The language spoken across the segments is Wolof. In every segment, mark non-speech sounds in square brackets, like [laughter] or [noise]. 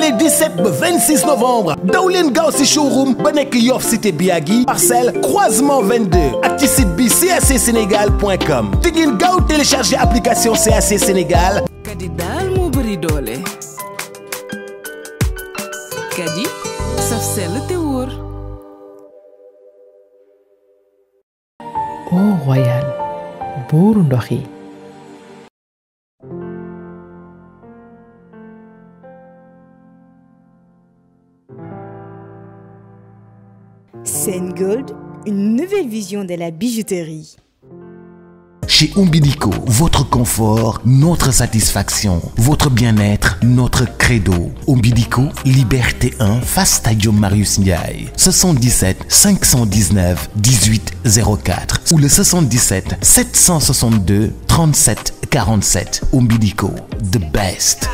Les 17 26 novembre dans le showroom ba nekk Yoff cité Biagi. parcelle croisement 22 à ci cac télécharger application cac sénégal kadi saf Gold, une nouvelle vision de la bijouterie. Chez Umbilico, votre confort, notre satisfaction, votre bien-être, notre credo. Umbilico, Liberté 1, Fastadium Stadium Marius Ndiaye. 77 519 1804 ou le 77 762 37 47. Umbilico, the best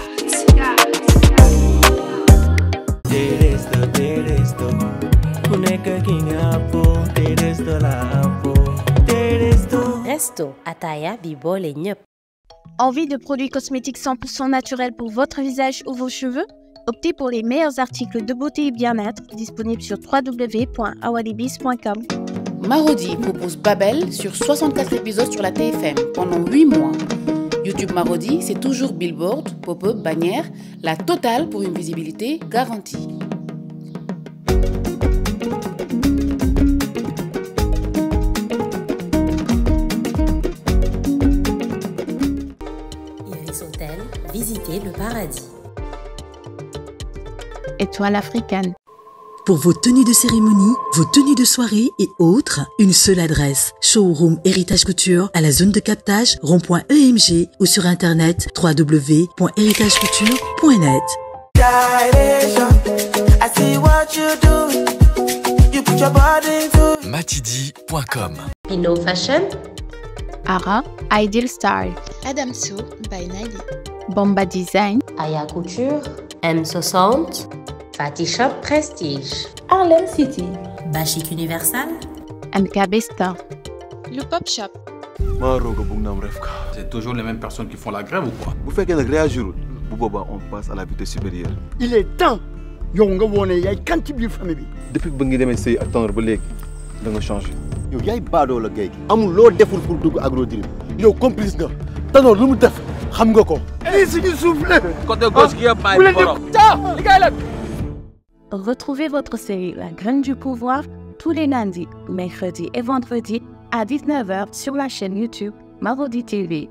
resto ataya et Envie de produits cosmétiques 100% naturels pour votre visage ou vos cheveux Optez pour les meilleurs articles de beauté et bien-être disponibles sur www.awadibis.com. Marodi propose Babel sur 64 épisodes sur la TFM pendant 8 mois. YouTube Marodi, c'est toujours billboard, pop-up, bannière, la totale pour une visibilité garantie. le paradis. Étoile africaine. Pour vos tenues de cérémonie, vos tenues de soirée et autres, une seule adresse. Showroom Héritage Couture à la zone de captage rond.emg ou sur internet www.héritagecouture.net. Matidi.com Pinot Fashion Ara Ideal Style Sou. by Nadie. Bomba Design, Aya Couture, M60, Fatty Shop Prestige, Harlem City, Bashik Universal, MKB Store, le Pop Shop. C'est toujours les mêmes personnes qui font la grève ou quoi Vous faites à on passe à la vitesse supérieure. Il est temps Yonga wone kanti famille depuis que vous démé sey attendre ba légui da nga changé yow yay bado la gay amul pour agro yow complice nga lu Retrouvez votre série La Graine du Pouvoir tous les lundis, mercredis et vendredis à 19h sur la chaîne YouTube Marodi TV.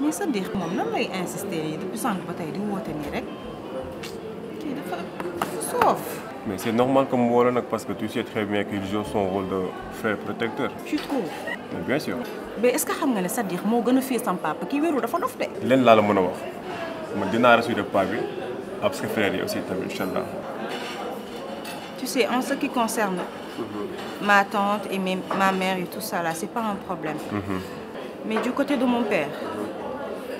mais sa dire que je lay insister depuis sànq ba tey di woote nii rek mais c'est normal que mu woola nag parce que tu sais très bien qu'il joue son rôle de frère protecteur. tu trouves. mais bien sûr. mais est-ce que xam nga ne ça dire moo gën a fee sam papa kii wéru dafa dof de. leen laa la mën a wax man dinaa rassurer paa bi ak sa frère aussi tamit incha tu sais en ce qui concerne. Mm-hmm. ma tante et ma mère et tout ça là c'est pas un problème. Mm -hmm. mais du côté de mon père.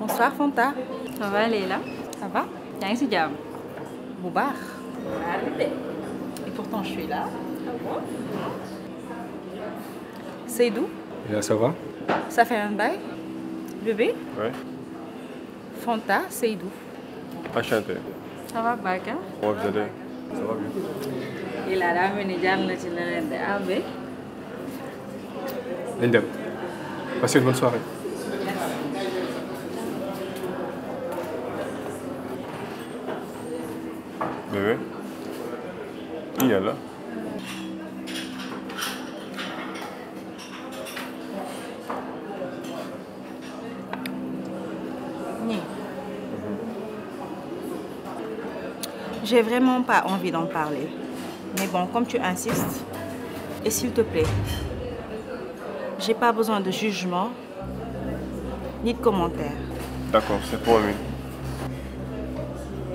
bonsoir Fanta. ça va Leila. ça va. bien..? c'est si jàmm. bu et pourtant je suis là. Seydou. là ça va. ça fait un bail. bébé. ouais. Fanta Seydou. enchanté. ça va bien..? Hein? comment vous ça va bien. Et daa mel ni le na ci de ah Endem. passez une bonne soirée. il est là. ni mhm. J'ai vraiment pas envie d'en parler. Mais bon, comme tu insistes, et s'il te plaît, j'ai pas besoin de jugement ni de commentaires. D'accord, c'est promis.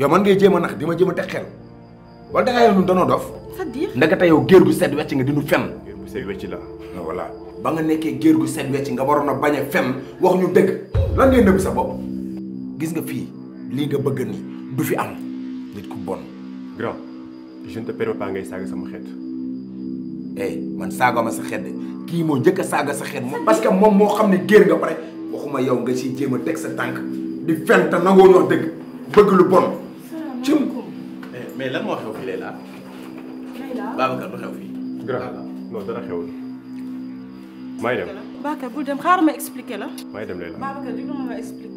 yow man ngay jema a nax di ma jéem wala da nga yow ñun danoo dof. sa dir dire ndekete yow géer gu set wetch nga dinu fem géer gu set wetch la wala ah, ba nga nekkee géer gu set wetch nga warona baña fem wax ñu deug lan ngay nëbb sa bop gis nga fi li nga bëgg ni du fi am nit ku bon. grand je ne te permets pas ngay saaga sama xet eh man saaga ma sa xet ki mo jëk njëkk sa xet moom parce que mom mo xamni ne nga pare waxuma yow nga ci jema tek sa tank di fenn nangoo ñoo deug bëgg lu bon. cum eh, mais lan moo xew fii Layla. Layla du xew fii. grand non dara xewul. la. maay dem Layla Babacar déglu ma nga expliqué.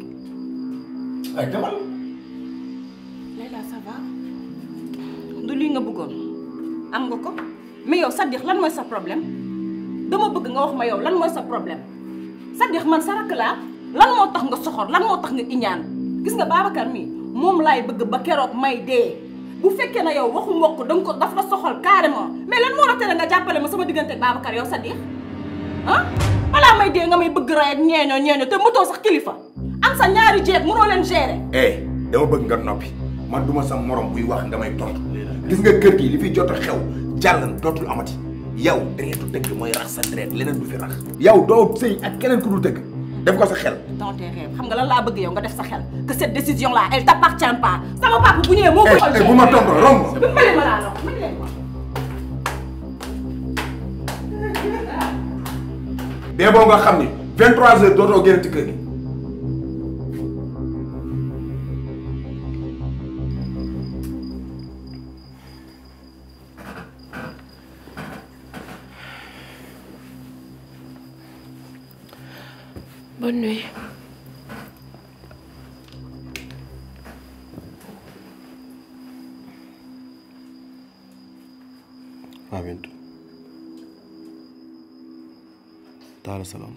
ay demal. du lii nga bëggoon am nga ko mais yow Sadikh lan mooy sa problème dama bëgg nga wax ma yow lan mooy sa problème Sadikh man sa rakk laa lan moo tax nga soxor lan moo tax nga iñaan gis nga Babacar mii. moom laay bëgg ba keroog may dee bu fekkee na yow waxu mbokk danga ko daf la soxal carrément mais lan moo la tere nga jàppale ma sama diggante ak Babacar yow Sadikh ah balaa may dee nga may bëgg rey ak ñeeñoo te mëtoo sax kilifa am sa ñaari jeeg mënoo leen gérer. eh dama bëgg nga noppi man duma sa morom buy wax nga may tontu gis nga kër gi li fi jot a xew jàll dootul amati yow deretu dëgg mooy rax sa deret leneen du fi rax. yow doo sëy dëgg. def ko sa xel. dans tes rêves xam nga lan laa bëgg yow nga def sa xel que cette décision là elle t'appartient pas sama papa bu ñëwee moo koy. Eh, eh, bu ma tontu romb. mën ma laa lor mën leen ko. bee boo nga xam ni 23h dootoo génn ci kër gi. bonne nuit. À bientôt. salam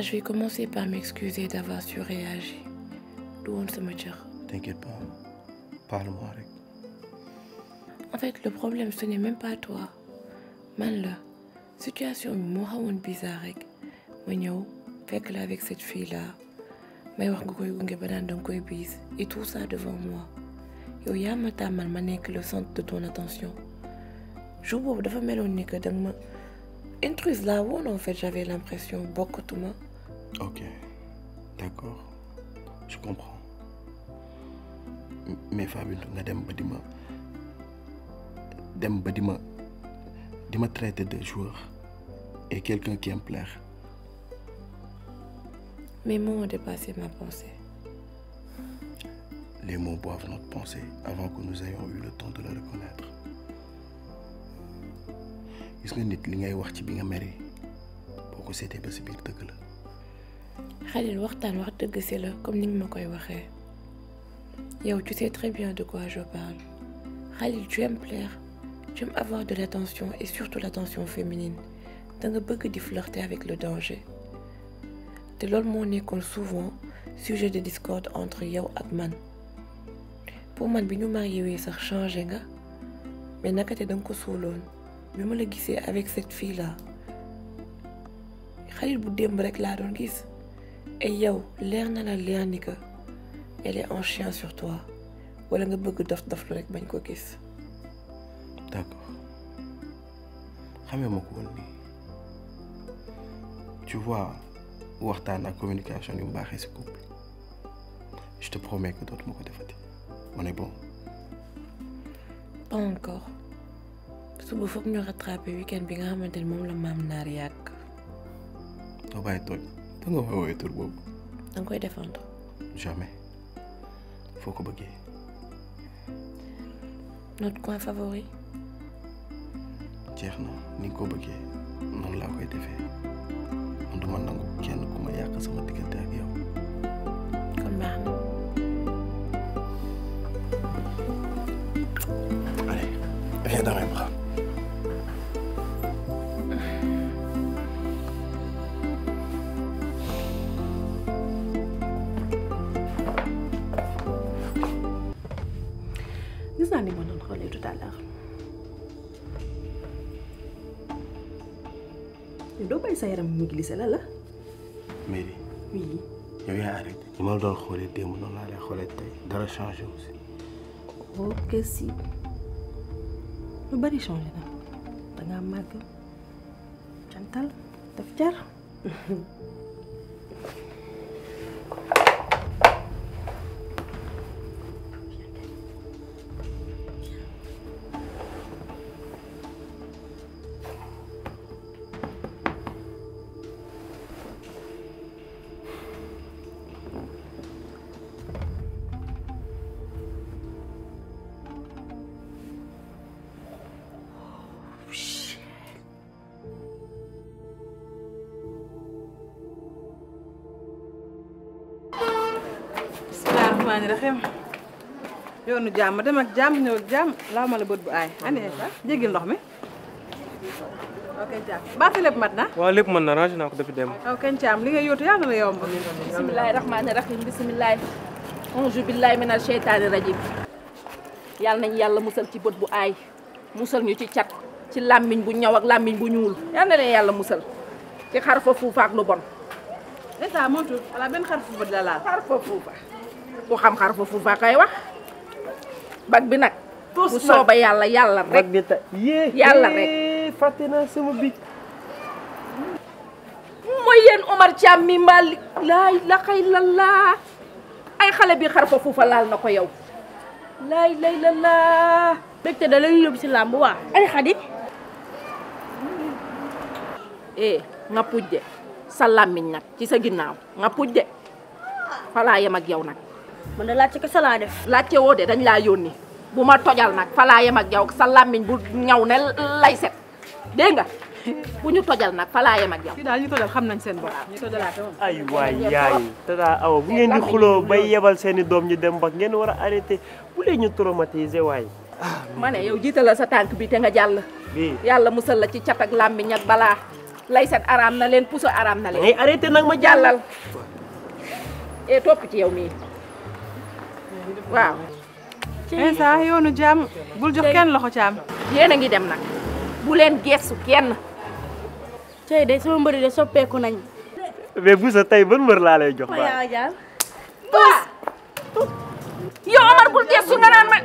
je vais commencer par m'excuser d'avoir surréagi. se Samachar. T'inquiète pas. Parle-moi avec. En fait, le problème, ce n'est même pas toi. mal la situation moi, bizarre rek ma fais là avec cette fille là mais wax et tout ça devant moi yo le centre de ton attention je dafa que intruse la où en fait j'avais l'impression beaucoup moi. ok d'accord je comprends mais Fabine, nga dem ba dem de joueur et quelqu'un qui aime plaire mes mots ont dépassé ma pensée les mots boivent notre pensée avant que nous ayons eu le temps de la reconnaître gis nga nit li ngay wax ci bi nga mere boo ko seetee ba biir dëgg la. Khalil waxtaan wax dëgg si la comme ni ma koy waxee yow tu sais très bien de quoi je parle Khalil tu aimes plaire tu aimes avoir de l'attention et surtout l'attention féminine da nga bëgg di flirter avec le danger te loolu moo nekkoon souvent sujet de discorde entre yow ak man pour man bi ñu marié sax changé nga mais naka te da nga ko suuloon bi ma la avec cette fille là xarit bu demb rek la don giss et yow leer na la leer ni que elle est en chien sur toi wala nga bëgg dof dof lu rek bañ ko gis. d'accord xamé mako ko tu vois waxtaan ak communication yu baxé ci couple je te promets que dootuma ko defati on est bon. pas encore suba foog ñu rattrapé weekend bi nga xamante ni moom la maam naar yàgg. doo bàyyi tooñ da nga woowee tur boobu. da nga koy défendre. jamais foo ko bëggee. notre coin favori. jeex na ni nga ko bëggee noonu laa koy defee man duma nangu kenn ku ma yàq sama diggante ak yow. kon baax na. allez viens dans glissé la la. Mary. oui. yow yaa arrêté. ma la doon xoolee démb noonu laa lay xoolee tey dara changé wu si. oh bari changé na da ngaa màgg jantal daf jar. [laughs] rahmaani rahiim yoonu jàmm dem ak jàmm ñëw ak ma bët bu aay andi jéggil ndox mi ok Thiam na lépp mën na rangé naa ko depuis dem. waaw kañ Thiam li yàlla la yomb. bisimilah rahmaani rahiim bisimilah. yàlla nañu yàlla musal ci bët bu aay musal ñu ci cat ci làmmiñ bu ñaw ak làmmiñ bu ñuul yàlla na leen yàlla musal ci xar fa fuufa lu bon. état motul wala benn xar fuufa dina laal xar fa fuufa. ku xam xarfu fa kay wax bag bi nak bu soba yalla yalla rek bag bi ta yee yàlla rek fatina sama bi moy yeen Omar cham mi malik lai ilaha illallah ay xale bi xarfa fufa laal lal nako yow la ilaha illallah te da lay yob si lamb wa ay xadi eh nga pujje de sa làmmiñ ci sa ginnaw nga pujje fala yam ak yow nak man da laajte kese sala def. laajte wo de dañ la yoni buma tojal nak fa laa yem ak yow sa lamine bu ñaw ne lay set de nga [laughs] bu ñu tojal nak fa laa yem ak yow. fii daal ñu tojal xam nañ seen bo ñu tojalaate moom. ay way yaay tata aw bu ngeen di xulo bay yebal seen dom ñu dem ba ngeen wara bu ñu traumatiser way mané yow sa tank bi te nga jall yalla musal la ci cat ak lamine ak bala lay set aram na len puso aram na len ay arrêté nak ma jallal e eh, top ci yow mi waaw. Insa eh, yoonu jàmm bul jox kenn loxo caam. yéen a ngi dem nag bu leen geesu kenn. tey de sama mbëri de soppeeku nañ mais Boussa tey ban mbër laa lay jox. waaw jàmm. yow Omar bul nga naan ma.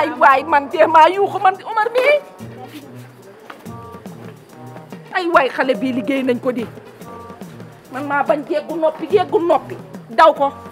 ay waay man de maa yuuxu man Omar bii ay waay xale bii liggéey nañ ko di man maa bañ jéggu noppi jéggu noppi daw ko.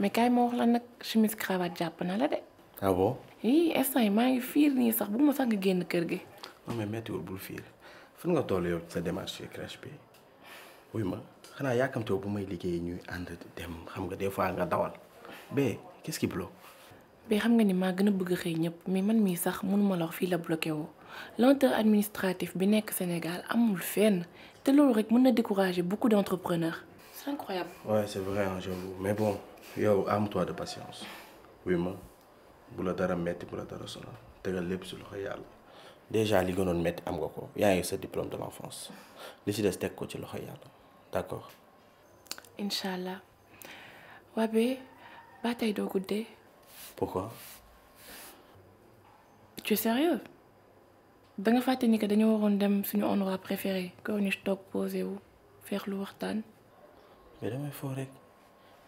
mais kaay ma wax la chemise cravate jàpp la de. ah bon. yii instant yi maa ngi fiir ni sax bu ma sax nga génn gi. non mais metti méttiwul bul fiir fan nga toll yow sa démarche crèche bi oui ma xana yàkkamte bu may liggéey ñuy ànd dem xam nga des fois nga dawal mais qu'est-ce qui bloque. mais xam nga ni ma gëna bëgg xey ñëpp mais man mi sax mënuma la wax fii la bloqué wo lenteur administratif bi nekk Sénégal amul fenn te loolu rek mën na décourager beaucoup d'entrepreneurs. c'est incroyable. ouais c'est vrai hein j'avoue mais bon. Yo, am-toi de patience Oui ma bu la dara metti pour la dara sonal tegal lépp si loxo déjà li gënoon metti am nga ko yaa ngi diplôme de l'enfance li si des teg ko ci loxo d'accord. incha Wabé. Bataille ba tey pourquoi. tu es sérieux da nga fàtte ni que dañu waroon dem suñu endroit préféré corniche toog posé ou faire lu waxtaan. mais damay foo rek.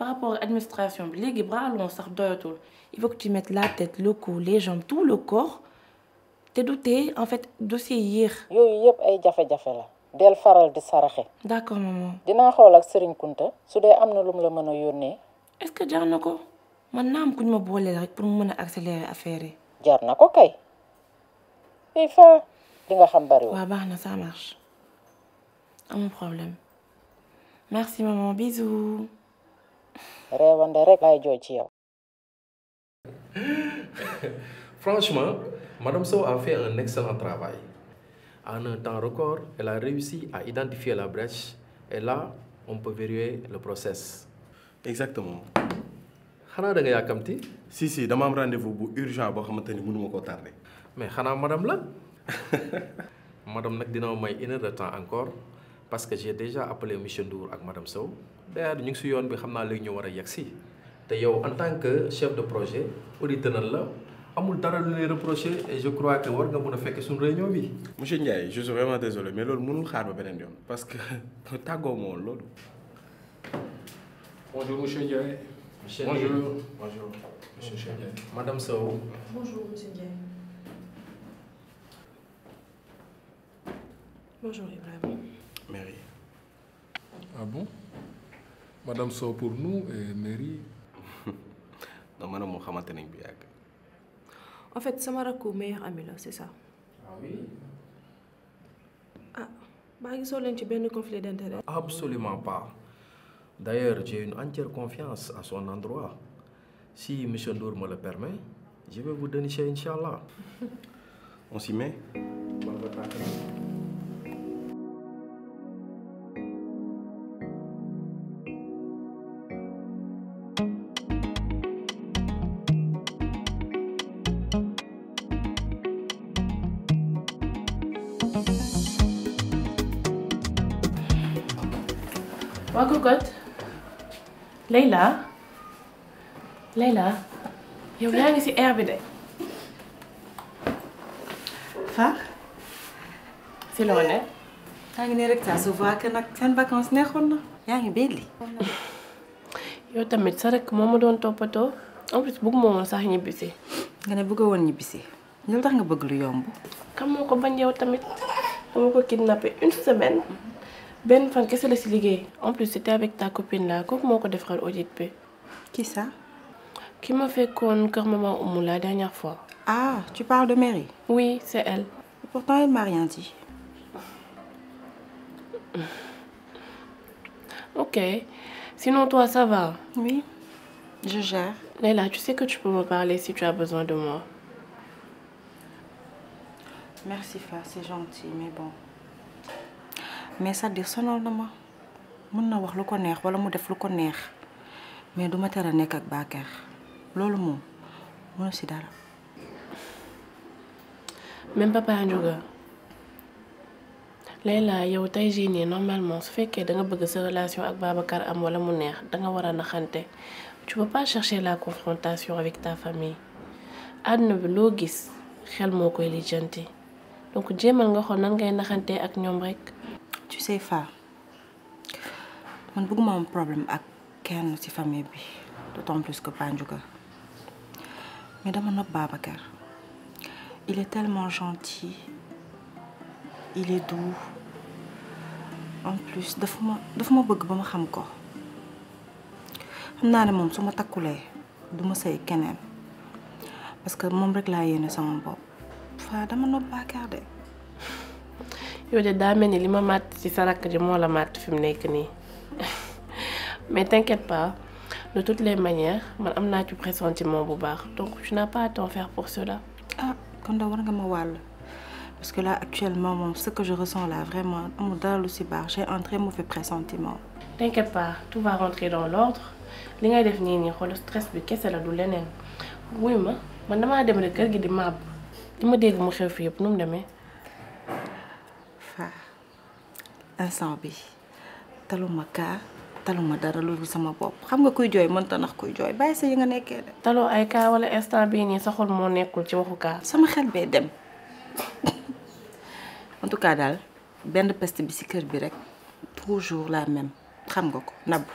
par rapport à l'administration bi léegi bras long sax doyatul il faut que tu mettes la tête le cou les jambes tout le corps T'es douté, en fait dossier yéex. yooyu yëpp ay jafé, jafé, la del faral de saraxe. d'accord maman. Dina xool ak Serigne Kunta su dee am le lu mu est-ce que jar na man nam am ma booleel rek pour mu accélérer affaire yi. jar na kay. il faut di nga xam bariwul. waaw ça marche Mon problème merci maman bisous ci [laughs] Franchement, Madame Sow a fait un excellent travail. En un temps record, elle a réussi à identifier la brèche et là, on peut vérifier le process. Exactement. que tu as dit? si si dama un rendez-vous bu urgent que je ne mënuma pas tarder. mais xanaa madame la. [laughs] madame nag dina may une heure de temps encore parce que j'ai déjà appelé monsieur Ndour ak madame Sow d'ailleurs ñu ngi si yoon bi xamna naa ñu wara a té yow en tant que chef de projet auditeur la amul dara lu lay reprocher et je crois que war nga mën a fekk suñu réunion bi. monsieur Ndiaye je suis vraiment désolé mais lool mënul xaar ba benen yoon parce que [laughs] tàggoo lool bonjour monsieur Ndiaye. monsieur bonjour bonjour. monsieur Ndiaye madame Sow. bonjour monsieur Ndiaye. bonjour Ibrahima. Ah bon Madame So pour nous et mairie [laughs] non, madame, Mohamed En fait, sama rakku meilleur ami c'est ça. Ah oui. Ah, conflit d'intérêts? Absolument pas. D'ailleurs, j'ai une entière confiance à son endroit. Si M. Ndour me le permet, je vais vous donner ça, Inch'Allah. On s'y met? Leila? Leila? Julian is hier RBD. فخ سيلونة هاي نيرك تعسو فاكنك كان باكونس ناخدنا يعني بيلي yow tamit sa rek moo ma doon toppatoo en plus bëgguma woon sax ñibbisi nga ne bëgg woon ñibbisi lu tax nga bëgg lu yomb kan moo ko bañ yow tamit dama ko kidnappé une semaine Ben, fan que la si en plus c'était avec ta copine là qui ça. Qui ma fait' kër maman Oumou la dernière fois. ah tu parles de Mary. oui c'est elle. pourtant elle m'a rien dit. ok sinon toi ça va. oui je gère. Leila tu sais que tu peux me parler si tu as besoin de moi. merci Fa c'est gentil mais bon mais ça dire sonal na ma mën na wax lu ko neex wala mu def lu ko neex mais duma ma nek ak Bakar lolou mom mënu si dara. même papa Ndiouga Leila, yow tey jii normalement su fekke da nga bëgg sa relation ak Babacar am wala mu neex da nga wara naxanté tu peux pas chercher la confrontation avec ta famille àdduna bi lo gis xel mo koy li lijjanti donc jéemal nga xool nan ngay naxanté ak ñom rek tu sais Faa man bëgguma un problème ak kenn ci famille bi d'autant plus que Pandiouga mais dama nopp Babacar il est tellement gentil il est doux en plus dafa ma dafa ma bëgg ba ma xam ko xam naa ne moom su ma takkulee du ma sëy keneen parce que moom rek laa yéene sama bopp Faa dama nopp Babacar de yow de daa mel ni li ma màtt ci sa rakk ji la mat fi mu nekk nii [laughs] mais t'inquiète pas de toutes les manières man amna naa ci pressentiment bu baax donc tu n'as pas à t'en faire pour cela. ah quand on war nga ma parce que là actuellement ce que je ressens là vraiment amul dara aussi si baax j'ai un très mauvais pressentiment. t'inquiète pas tout va rentrer dans l'ordre li ngay def nii nii xool stress bi kese la du leneen wuy ma man damaa dem rek kër gi di màbb li ma mon mu xew fi yëpp nu mu instant bi taluma kaa taluma dara loolu sama bopp xam nga kuy jooy mënta nax kuy jooy bàyyi sa yi nga nekkee taloo ay kaa wala instant bii nii saxul moo nekkul ci waxu kaa. sama xel bee dem en tout cas daal benn peste bi ci kër bi rek toujours la même xam nga ko nabu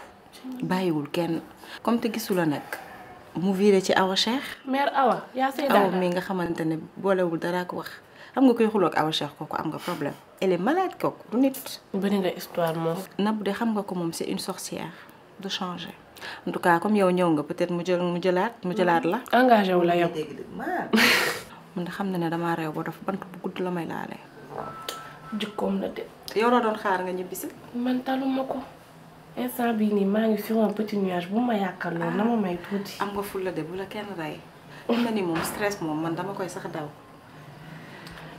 bàyyiwul kenn comme te gisula nag. mu viré ci Awa Cheikh. mère Awa Awa mi nga xamante ne boolewul daraa ko wax. xam nga koy xuloo ak Awa Cheikh kooku am nga problème elle est malade kooku du nit. bëri nga histoire moom. Nabou de xam nga ko moom c'est une sorcière du changer en tout cas comme yow ñëw nga peut-être mu jël mu jëlaat mu jëlaat la. Mm-hmm. engagé wu la yow. mun [laughs] na xam na ne damaa réew ba dafa bant bu gudd la may laalee. jikkoom la de. yow la doon xaar nga ñibbisi. man taluma ko. instant bi nii maa ngi sur un petit nuage bu ma yàkkal loolu ah. na ma may tuuti. am nga fulla de bu la kenn rey. xam na ni moom stress moom man dama koy sax daw.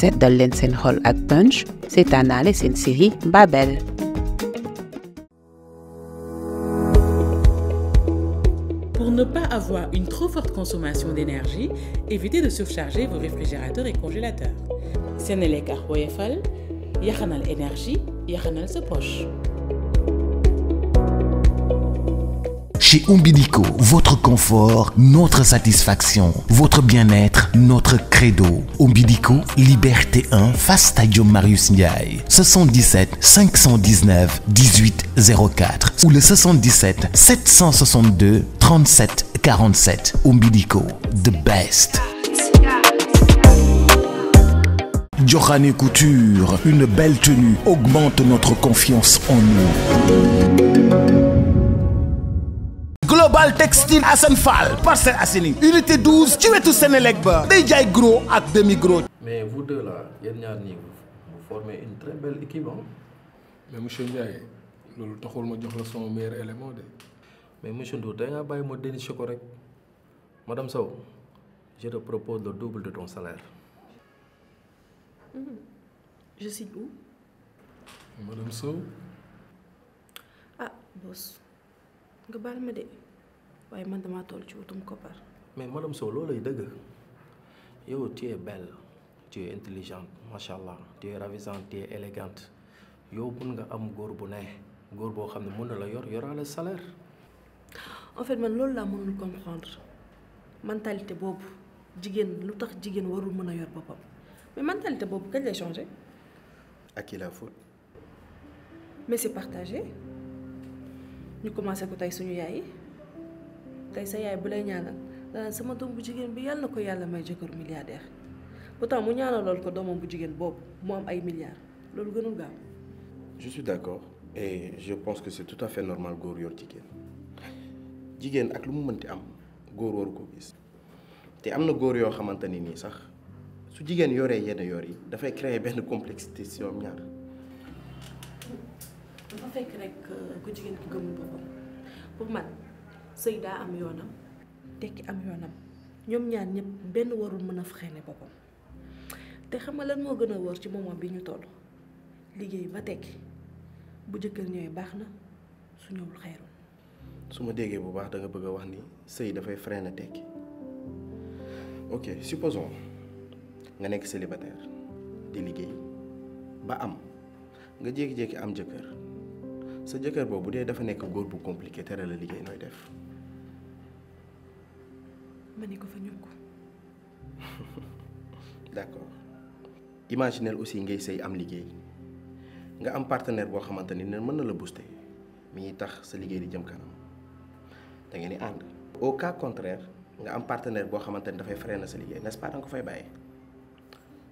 c'est dal at Punch. C'est Anna et c'est une série Babel Pour ne pas avoir une trop forte consommation d'énergie, évitez de surcharger vos réfrigérateurs et congélateurs. Sénélec ak Woyofal yaxanal énergie yaxanal se poche Chez Umbilico, votre confort, notre satisfaction, votre bien-être, notre credo. Umbilico, Liberté 1, face Stadium Marius Ndiaye. 77 519 1804 ou le 77 762 37 47. Umbilico, the best. et Couture, une belle tenue augmente notre confiance en nous. Global Textile Hassan Fall Parcelles Assini. unité 12 ci wetu Sénélec ba day jaay gros ak demi gros. mais vous deux là yéen ñaar ñii vous formez une très belle équipe hein? mais monsieur Ndiaye loolu taxul ma jox la son meilleur élément de. mais monsieur Ndour da ngaa bàyyi ma déniché ko rek madame Sow je te propose le double de ton salaire. Mmh. je suis où. madame Sow. ah boss nga baal ma de waaye man damaa toll ci wutum koppar. mais madame Sow loolay dëgg yow tu es belle tu es intelligente macha allah tu es ravissante tu es élégante yow mun nga am góor bu ne góor boo xam ne mun na la yor yoraale salaire. en fait man loolu laa mënul comprendre mentalité boobu jigéen lu tax jigéen warul mën a yor boppam mais mentalité boobu kañ lay changer. à qui la faute. mais c'est partagé ñu commencé ko tey suñu yaay yi kay sa yaay bu lay ñaanal da naan sama doom bu jigéen bi yàlla na ko yàlla may jëkkër milliardaire pourtant mu ñaanal lool ko doomam bu jigéen boobu mu am ay milliards loolu gënul gaaw je suis d'accord et je pense que c'est tout à fait normal góor yor jigéen jigéen ak lu mu mënti am góor waru ko gis te am na góor yoo xamante ni nii sax su jigéen yoree yenn yor yi dafay créer benn complexité si ñoom ñaar dafa fekk rek ku jigéen ki gëmul boppam pour man sëy daa am yoonam tekki am yoonam ñoom ñaar ñëpp benn warul mën a freiner boppam te xam nga lan moo gën a wóor ci moment bi ñu toll liggéey ba tekki bu jëkkër ñëwee baax na su ñëwul xeerul su ma déggee bu baax da nga bëgg wax ni sëy dafay freiner tekki ok supposons nga nekk célibataire di liggéey ba am nga jékki-jékki am jëkkër sa jëkkër boobu dee dafa nekk góor bu compliqué tere la liggéey nooy def ma ne ko fa ñukk [laughs] d'accord imaginel aussi ngay sëy am liggéey nga am partenaire boo xamante ni ne mën na la booster mi ngi tax sa liggéey di jëm kanam da ni di ànd. au cas contraire nga am partenaire boo xamante ni dafay freiné sa liggéey n'est-ce pas da nga ko fay bàyyee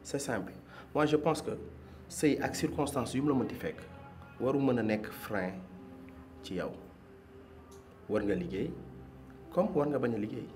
c'est simple moi je pense que sëy ak circonstances yu mu la mënti fekk warul mën a nekk frain ci yow war nga liggéey comme war nga bañ a liggéey.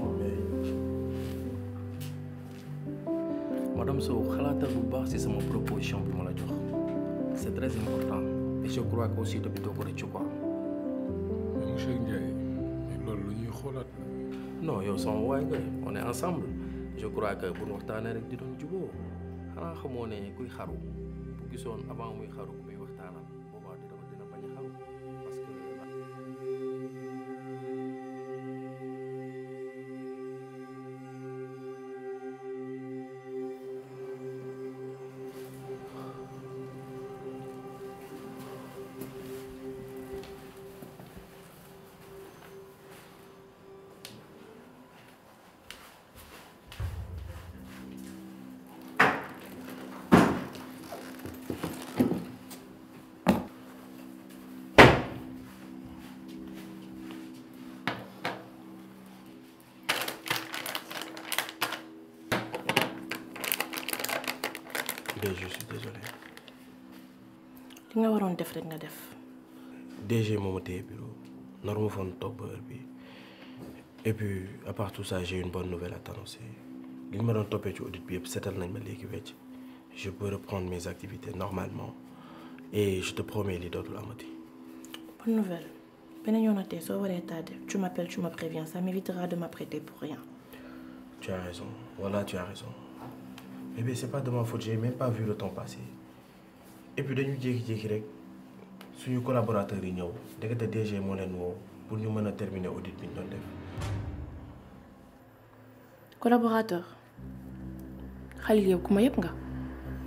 madame Sow xalaatal bu baax ci sama proposition bi ma la jox c'est très important et je crois que aussi tamit doo ko rëccu quoi. mais monsieur Ndiaye loolu lu ñuy xoolaat. non yow sama waay nga on est ensemble je crois que bu ñu waxtaanee rek di doon jubóo xanaa xamoo ne kuy xaru bu gisoon avant muy xaru. DG je suis désolé. Tu as waroon def rek nga def. DG moo bureau Normalement, foon top et puis à part tout ça j'ai une bonne nouvelle à t'annoncer li ñu ma doon ci audit bi nañ ma je peux reprendre mes activités normalement et je te promets li dootul amati. bonne nouvelle beneen yoonatee soo de. tu m'appelles tu me préviens ça m'évitera de m'apprêter pour rien. tu as raison voilà tu as raison mais eh ben c'est pas de ma faute, j'ai même pas vu le temps passer. Et puis, dañu jékki-jékki rek suñu collaborateurs yi ñëw ndekete DG moo leen woo pour ñu mën a terminer audit bi ñu doon def. collaborateur Khalil yow ku ma yëpp nga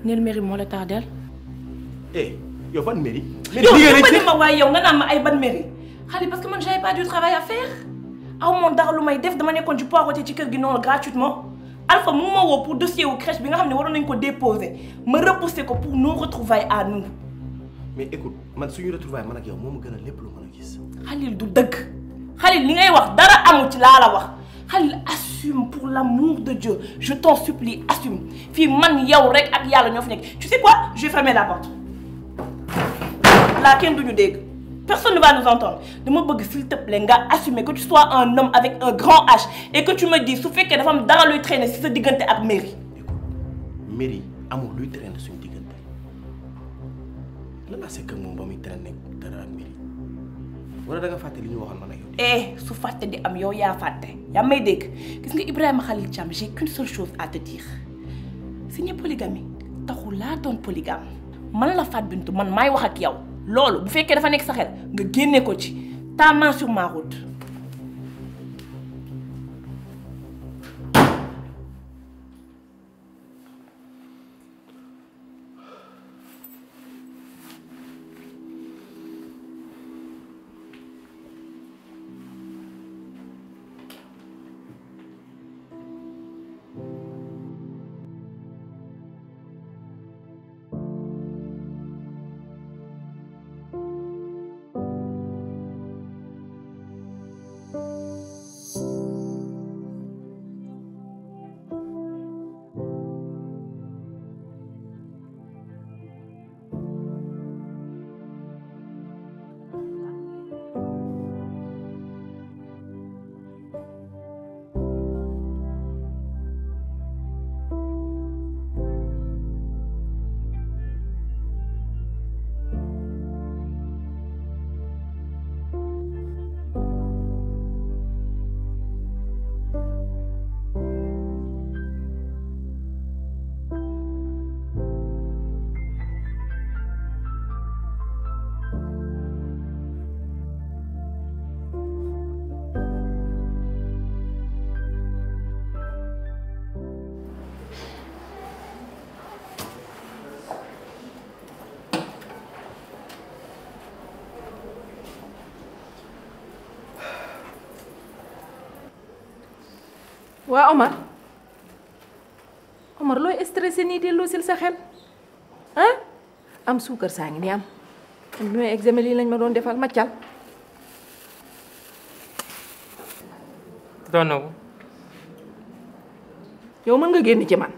neel mairie moo la tardeel. eh yow ban mairie. yow ma waaye yow nga naan ma ay ban mairie. Khalil parce que man j'avais pas du travail à faire aw moom dara lu may def dama nekkoon ci poireauté ci kër gi noonu gratuitement. Alpha mu ma pour dossier au crèche bi nga xam ne waroon nañ ko déposer ma repousser ko pour nous retrouver à nous. mais écoute man suñu retrouvailles man ak yow moo ma gën a lépp lu mën a gis. Khalil du dëgg Khalil li ngay wax dara amu ci laa la wax Khalil assume pour l'amour de Dieu je t'en supplie assume Fille, man yow rek ak yàlla ñoo fi tu sais quoi je vais fermer la porte La quinze duñu dégg. Personne ne va nous entendre. De veux, s'il te plaît, nga, assumer que tu sois un homme avec un grand H et que tu me dis, fait que la femme dans le train, si ce digante avec Mary. Écoute, Mary, amour, lui traîne sur une digante. Là, c'est que mon bon, il traîne avec Mary. Voilà, da nga fàtte li ñu waxoon yow. eh su fàtte di am yow ya fàtte Ya may dégg gis nga Ibrahim Khalil Cham, j'ai qu'une seule chose à te dire signé polygamie taxul laa doon polygame man la fat Bintou man maay wax ak yow loolu bu fekkee dafa nekk sa xel nga génne ko ci ta main sur ma route waa Omar Omar looy stressé nii delloo sil sa xel ah am suukar saa ngi ni am am bi may examen lii lañ ma doon defal ma cal ko yow mën nga génn ci man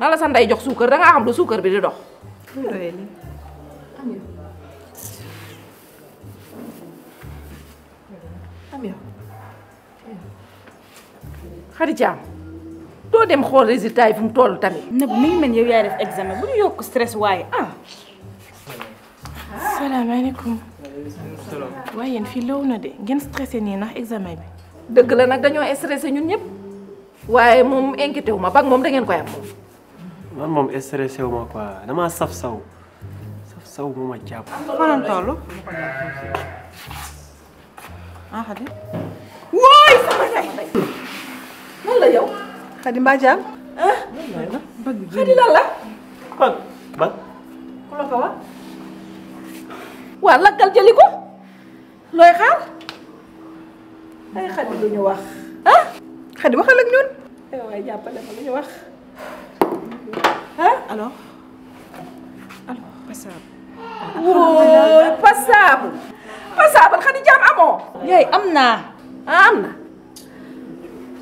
na la sa jox suukar da xam lu suukar bi di dox Khady Thiam doo dem xool résultat yi fu mu toll tamit. na mi ngi mel yow yaay def examen bu ñu yokk stress waaye ah. salaamaaleykum. waaye yéen fii law na de ngeen stressé nii ndax examen bi. dëgg la nag dañoo stressé ñun ñëpp waaye moom inquiété wu ma bag moom dangeen ngeen koy am moom. man moom stressé wu saw saf saw Khady mbaa jaam. ah Khady lan la. bag bag. ku la ko wax. ko. looy xaar. ay Khadi lu ñu wax. ah Khadi waxal ak ñun. waaye jàppale ma lu ñu wax. ah alors. alors passable. wóo passable. passable Khady jaam amoo. yooyu am naa. am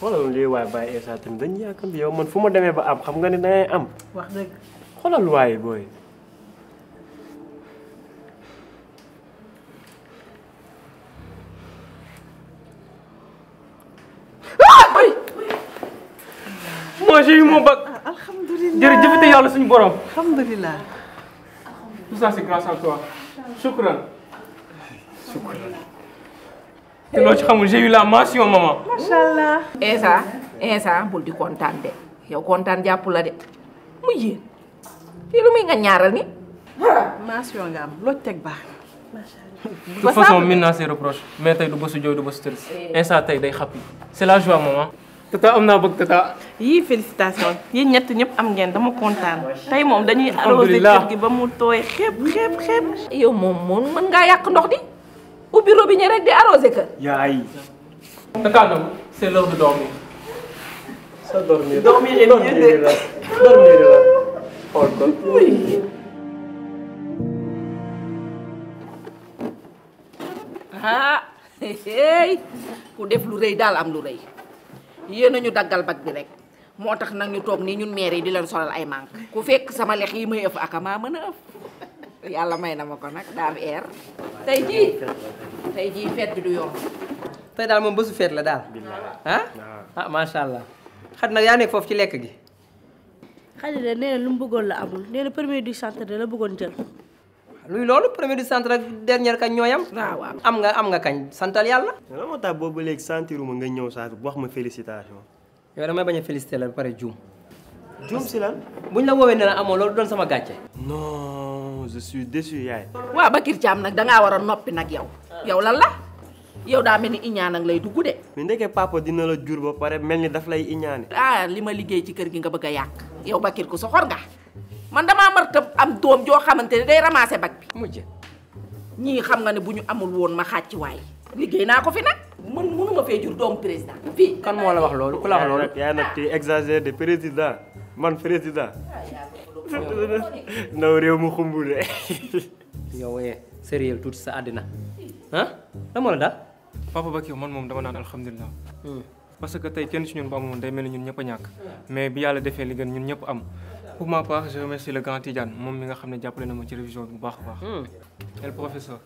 xoolal luy waay bàyyi Essa tamit dañ yàkkam bi yow man fu ma demee ba am xam nga ni dangay am wax dëgg xoolal waay booy moo si moo bëgg alhamdulilah jërëjëfite yàlla suñu borom alhamdulilah tout ça c'est grâce à toi shukran Ya tu loo ci xamul j'ai eu la mention maman. macha allah. Insa Insa bul di kontaan de yow kontaan pour la de mu yéen fii lu muy nga ñaaral ni. mention nga am loo ci teg allah. de toute façon maintenant c'est reproche mais tey du bësu jooy du bësu tëris. Insa eh. tey day xappi c'est la joie maman. tata am naa bëgg tata. yii félicitations yéen ñett ñëpp am ngeen dama kontaan tey moom dañuy arrosé kër gi ba mu tooy xeeb xeeb xeeb. yow moom moom mën ngaa yàq ndox di. Ubi robinet rek di arrosé ke yaay. c'est l'heure de dormir. ça dormir dormir et dormir dormir la ah hey ku def lu am lu bag bi rek ñu di leen solal ay sama lex yi may yàlla may na ma ko nag daa am air. tey jii tey jii feet bi du yomb. tey daal moom bésu feet la daal. ah ah macha allah. xat nag yaa nekk foofu ci lekk gi. xale de nee na lu mu bëggoon la amul nee na premier du centre de la bëggoon jël. luy loolu premier du centre ak dernier kañ ñooy am. waaw waaw am nga am nga kañ santal yàlla. lan moo tax boobu léegi sentiruma nga ñëw saa fi wax ma félicitation. yow damay bañ a la ba pare juum. juum lan. buñ la woowee ne la amoo loolu sama gàcce. non je suis déçu yaay. wa Bakir cham nak da nga war nopi nak yow yow lan la yow da melni ni iñaan ak lay duggu de. mi ndeke papa dina la jur ba pare melni ni daf lay iñaane. ah lima ma liggéey ci kër gi nga bëgg a yow Bakir ku soxor nga man dama mar am doom jo xamante day ramasser bag bi. mujj ñi xam nga ne buñu amul woon ma ci way liggéey na ko fi nag. mën mënuma fe jur doomu président fi kan mo la wax loolu ku la wax loolu. yaay nak ci exagérer de président man président. [laughs] ndaw réew mu xumbule eh. [laughs] yow eh sérieux tuuti sa àddina ah lan moo la daal papa Bakio man moom dama naan alhamdulilah hmm. parce que tey kenn ci ñun bu amoon day mel ni ñun ñëpp a ñàkk hmm. mais bi yàlla defee li gën ñun ñëpp am pour ma part je remercie le grand Tidiane moom mi nga xam ne jàppale na ma ci révision bu baax a baax hmm. et le professeur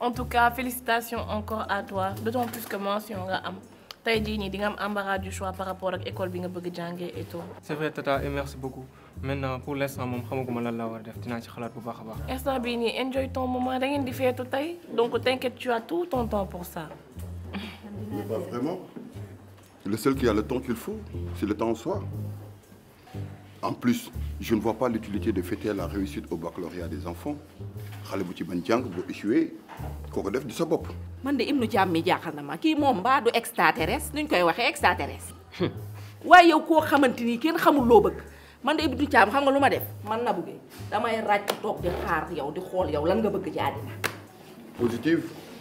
en tout cas félicitations encore à toi d'autant plus que mention nga am tay jii nii di nga am embarras choix par rapport ak école bi nga bëgg jàngee et tout. c'est vrai tata et merci beaucoup maintenant pour l'instant moom xamaguma lan laa war a def dinaa ci xalaat bu baax a baax. instant bii nii enjoy ton moment da ngeen di feetu tey donc t'inquiète tu as tout ton temps pour ça. mais pas vraiment le seul qui a le temps qu'il faut c'est le temps en soi en plus je ne vois pas l'utilité de fêter la réussite au baccalauréat des enfants xale bu ci ban jàng bu échoué koo def di sa bopp. man de Ibnu Jaam mi jàqal na ma kii moom mbaa du extraterrestre ñu koy waxee extraterrestre. waaye yow koo xamante ni kenn xamul loo bëgg man de Ibnu Jaam xam nga lu ma def man na buggee damay ràcc toog di xaar yow di xool yow lan nga bëgg ci àddina. positive.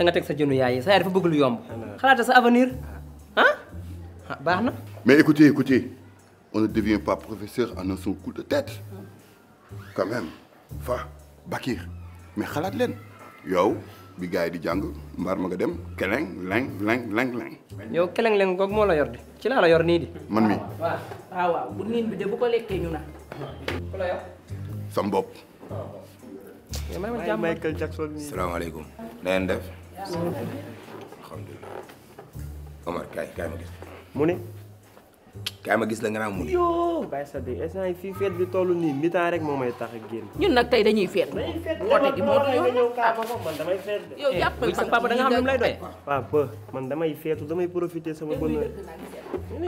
te nga teg sa si yaay yi yaay dafa bëgg sa avenir Hein mais écoutez écoutez on ne devient pas professeur en un coup de tête quand même fa Bakir mais xalaat leen yow bi gars di keleng leng leng leng leng. yow keleng leng la yor di ci la yor di. man Michael Jackson. alhamdulilah Omar kaay kaay ma gis. mu ne. ma gis la nga naan mu ne. yoo bàyyi sa de instant yi fête bi toll nii mi rek moo tax a ñun dañuy fête. dañuy fête papa da nga xam ne lay doy. papa man damay fête damay profiter sama bonheur.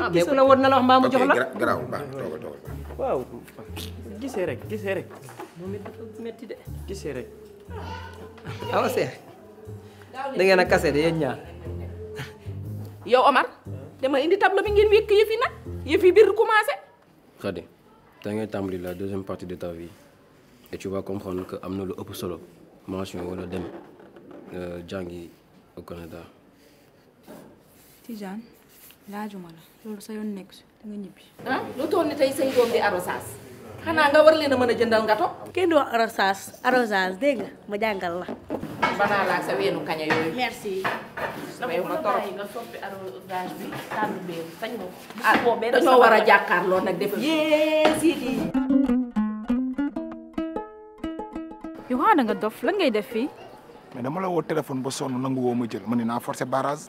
ah mais ku la na la wax mbaa jox la. ok garaaw baax toogal waaw gisee rek gisee rek. metti rek. da ngeen a kase de yow Omar dama indi tableau bi ngeen wékk yëf yi nag yëf yi biir commencé. Khady da ngay tàmbali la deuxième partie de ta vie et tu vas comprendre am na lu ëpp solo walla wala dem euh, jàngi au Canada. Tijane laajuma la loolu sa yoon nekk si nga ñibbi. ah lu toll ni tey doom di arrosage. xanaa nga war leen a mën a jëndal nga toog. kenn du wax arrosage arrosage dégg nga ma jàngal la. banaa laa sa weenu kaña yooyu. merci. damay ma torop nga soppi arrosage bi tànn beeru sañ ma ko. ah dañoo war a jàkkaarloo nag def yee siidi. yow xanaa nga dof lan ngay def fii. mais dama la woo téléphone ba sonn nangu woo ma jël ma ne naa forcer barrage.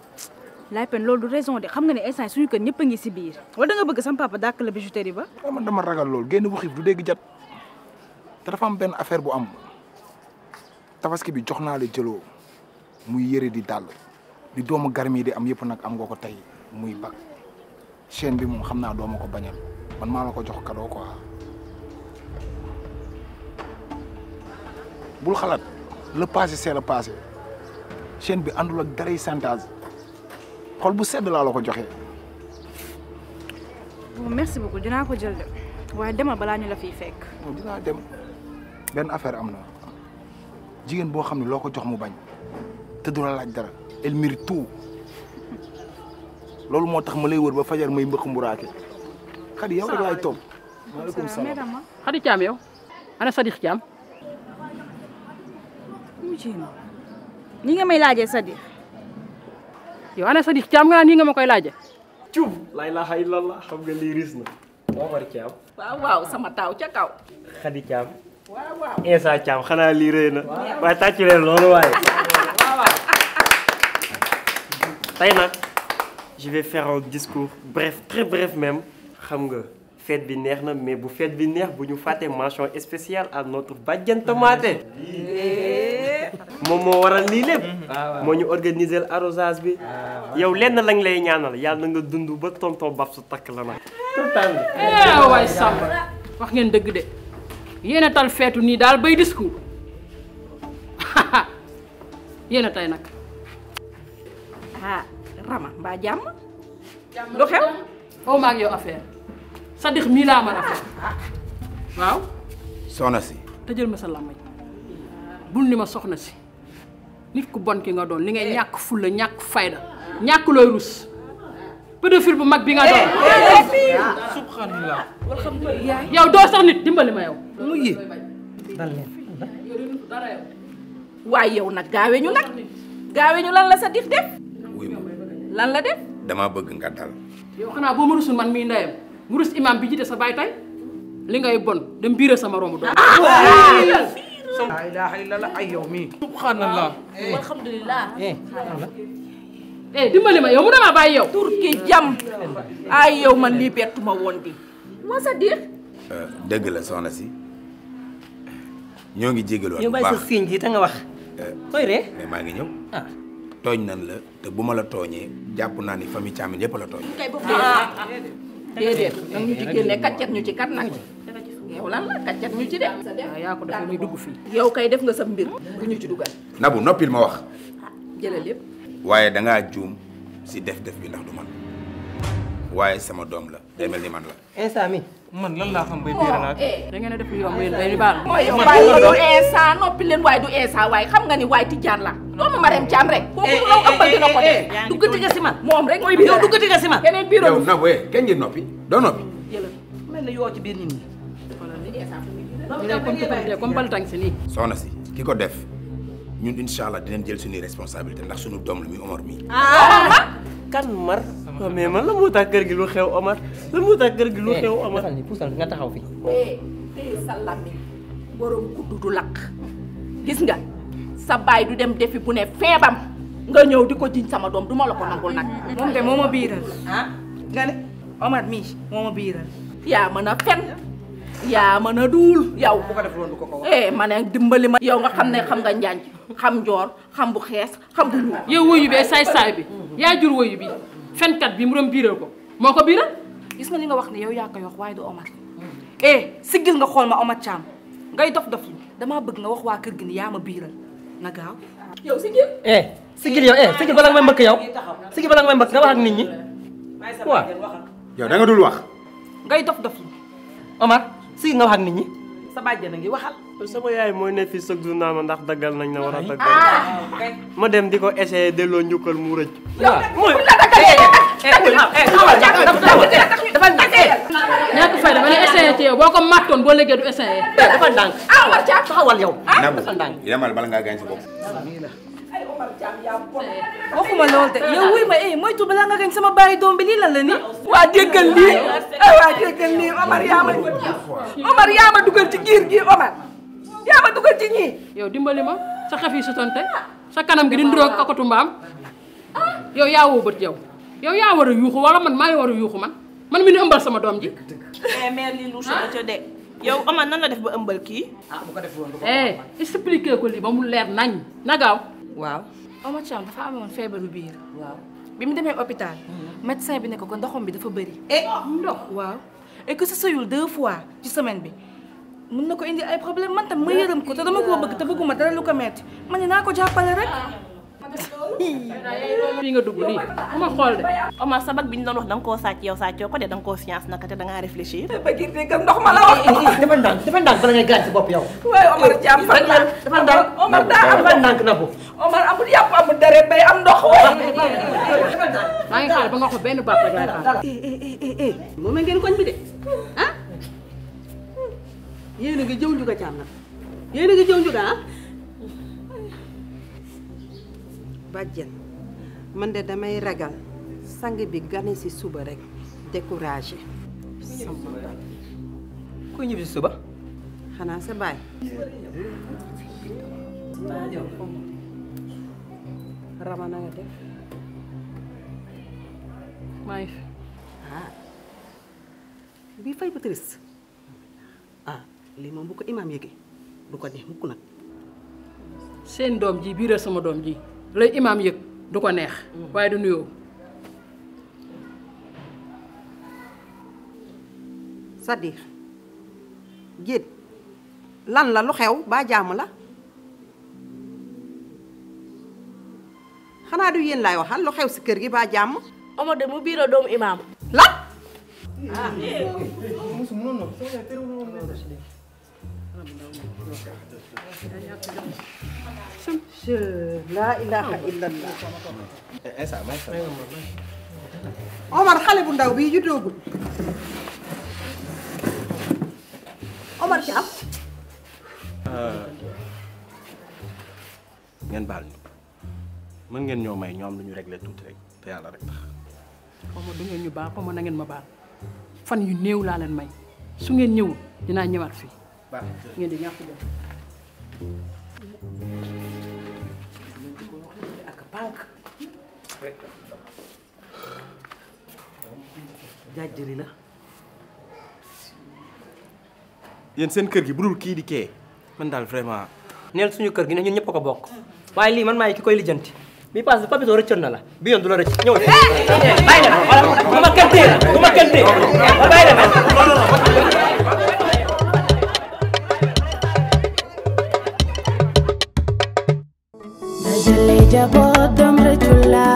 lay pen lolou raison de xam nga ne instant suñu kër ñepp a ngi ci biir wala da nga bëgg sama papa dak la bijouterie ba. dama dama ragal lolou genn bu xif du dégg jat te dafa am ben affaire bu am tabaski bi joxna la jëlo muy yéré di dal di doomu garmi di am yépp nak am nga ko tey muy bak chaîne bi moom xamna do mako bañal man ma la ko jox cadeau quoi bul xalat le passé c'est le passé chaîne bi andul ak daray santage xol bu sedd laa la ko joxee. merci beaucoup dinaa ko jël de waaye demal balaa ñu la fiy fekk. dinaa dem benn affaire am na jigéen boo xam ne loo ko jox mu bañ te du la laaj dara elle mérite tout loolu moo tax ma lay wër ba fajar may mu mburaake xadi yow rek laay toog. maaleykum salaam xadi Thiam yow ana Sadikh Thiam. mu ni nga may laajee Sadikh. yow ana Sadikh Thiam nga ni nga makoy koy laaje cuub la ilaha la la xam nga li riis na Omar Thiam waaw waaw sama taw ca kaw Khady Thiam waaw waaw Insa Thiam xanaa lii rëy na waaye tàccu leen loolu waaye [laughs] tey nag je vais faire un discours bref très bref même xam nga fête bi neex na mais bu fête bi neex bu ñu fàtte mention spéciale à notre bàjjen tomate moom moo waral li lepp mo ñu organiser arrosage bi ah, yow lenn lañ lay ñaanal yàlla na nga dundu ba tonton su tak la na kontaan nga eh, waay sàmm wax ngeen deug de yéen tal fetu ni dal bay disku [laughs] yena tay nak ha ah, Rama ba jam lu xew o maa ngi yow affaire sadikh mi la ma affaire ah, waaw ma sa lamay bul ni ma soxna ci nit ku bon ki nga doon li ngay eh. ñàkk fulla ñàkk fayda ñak loy rus pédophile bu mag bi nga doon eh, eh, ah, subhanallah yow do sax nit dimbali ma yow mu yi dal len way yow nak gawe ñu nak gawe ñu lan la sa dif def lan la def dama bëgg nga dal yow xana bo mu rusul man mi ndayam mu rus imam bi jité sa bay tay li ngay bon dem biire sama romu do laa ilaaha illallah ay yow mii. subhanallah. alhamdulilah. eh, eh. eh. eh ma yow mu dama bàyyi yow. jam ay yow man ma woon di. ma sa dir. dëgg la soxna si ñoo ngi jégalu waat bu baax ñu wax. Euh, ree maa ngi ñëw. Ah. tooñ nan la te bu ma la tooñee jàpp naa ni famille Thiamine yépp la tooñ. Ah. déedéet déedéet ñu ci génne kat ñu ci kat nag. nabu lan la kàccat ñu ci de. ma wax. jëlal yëpp. waaye da ngaa juum si def-def bi ndax du man waaye sama dom la day melni man la. instant eh, mi man lan la xam bay biir oh, naa. Eh. da ngay na def lu yomb yéen day baal. mooy oh, yow waaye du instant noppi leen waaye du instant waaye xam nga ni ti jaar la. doomu marem Thiam rek. Eh, kooku raw ëppal dina ko def. du gëti nga si man mom rek yow du gëti duggati nga si man. keneen biiróo yow nabu ye kenn ngeen nopi do nopi jëlal melni yo ci biir nit ni compal tànk si nii soxna si ki ko def ñun incha allah dinañ jël suñuy responsabilité ndax suñu doom la mi Omar mii ah. kan mar oh, mais man la moo tax kër gi lu xew Omar la moo tax kër gi lu xew eh, Omar defal ni puusal nga taxaw fi eh, téye sa làmmiñ borom gudd du lakk gis nga sa baay du dem defi bu ne feebam nga ñëw di ko jiñ sama doom duma la ko nangul nag moom de moo ma biiral ah? nga ne Omar mii moo ma biiral yaa mën fen yaa a ko def ko ko eh ma ne dimbali ma. yow nga xam ne xam nga njaañ xam njoor xam bu xees xam bu bi jur fenkat bi mu doon ko moo ko gis nga wax wax du Omar. eh, eh sigil nga xool ma Omar Thiam ngay dof dof li damaa nga wax waa kër gi ni ma na eh sigil eh sigil bala nga may mbëkk yow siggil bala nga may mbëkk nga wax ak nit ñi da nga dul wax. ngay dof dof Omar si nga wax ak nit ñi sa bàjjen a ngi waxal sama yaay mooy ne fii sëg du naa ma ndax daggal nañ na war a daggal ah, ma dem di ko essayé delloo njukkal mu rëcc mooy ñàkk fay dama lay essayé te yow boo ko màttoon boo léegi du essayé eh, dafa ndànk ah war caa taxawal yow dafa ndànk yemal bala ngaa gaañ sa bopp Omar Thiam yaa de yow wuy ma eh moytu balaa nga gañ sama bàyyi doom bi lii lan la nii. waa jéggal lii eh, waa jéggal lii Omar yaa ma Omar ci giir gi Omar yaa ma dugal ci ñii. yow dimbali ma sa xef yi sutonte sa kanam gi di nduroog kakatu mbaam yow yaa woo bët yow yow yaa war a yuuxu wala man maa ngi war a yuuxu man man mi ni ëmbal sama doom ji. Eh, mais yow Omar nan la def ba ëmbal kii. ah bu ko defee eh, lii ba mu leer nañ na gaaw. waaw. Oma Thiam dafa amoon feebaru biir. waaw bi mu demee hôpital. médecin bi nekk ko ko ndoxam bi dafa bëri. eh ndox waaw. et que su sëyul deux fois ci semaine bi mun na ko indi ay problème man tam ma yërëm ko te dama koo bëgg te bëgguma dara lu ko metti ma ne naa ko jàppale rek. Ah. fii nga dugg nii ma xool de oma sabag bi ñu doon wax da nga koo yow sàccoo ko de da nga science naka te da réfléchir gam ndox ma la wax si bopp yow waaye Omar Thiam fan la dafa Omar daa am dafa ndànk na bu Omar amul yàpp amul dere bay am ndox waay maa ngi xaar ba nga wax benn baat rek laay xaar moom ngeen koñ bi de ah jëw jëw bàjjen man de damay ragal sang bi gané ci suba rek découragé. ko ñibbi ci suba. xana sa bay ramana nga def. may bi ah bii fay Patrice ah li mom bu ko imam yegge bu ko mu ko nak sen dom ji biiral sama dom ji. lay imaam yëg du ko neex waaye du nuyoo c'est-à-dire lan la lu xew baa jàmm la xanaa du yéen laay waxal lu xew si kër gi baa jàmm Omar de mu biiroo doomu imaam lan Omar اله الا الله اسمع ما يسمع عمر خالي بن داو بيجي دوغل عمر شاب ngeen baal ñu mën ngeen ñoo may ñoom lu ñu réglé rek te yàlla rek tax du ngeen ñu fan yu may su ngeen ñun mm. de ñàkk jom ak pànk jàjjëri la yéen seen kër gi bu kii di man daal vraiment neel suñu kër gi ne ñun ñëpp ko bokk waaye lii man maay ki koy lijjanti bi passe bi papito rëccoon na la bi yoon du la rëcc ñëw eh! bàyyi dem wala du ma kenn téye du ma kenn boot dam to laa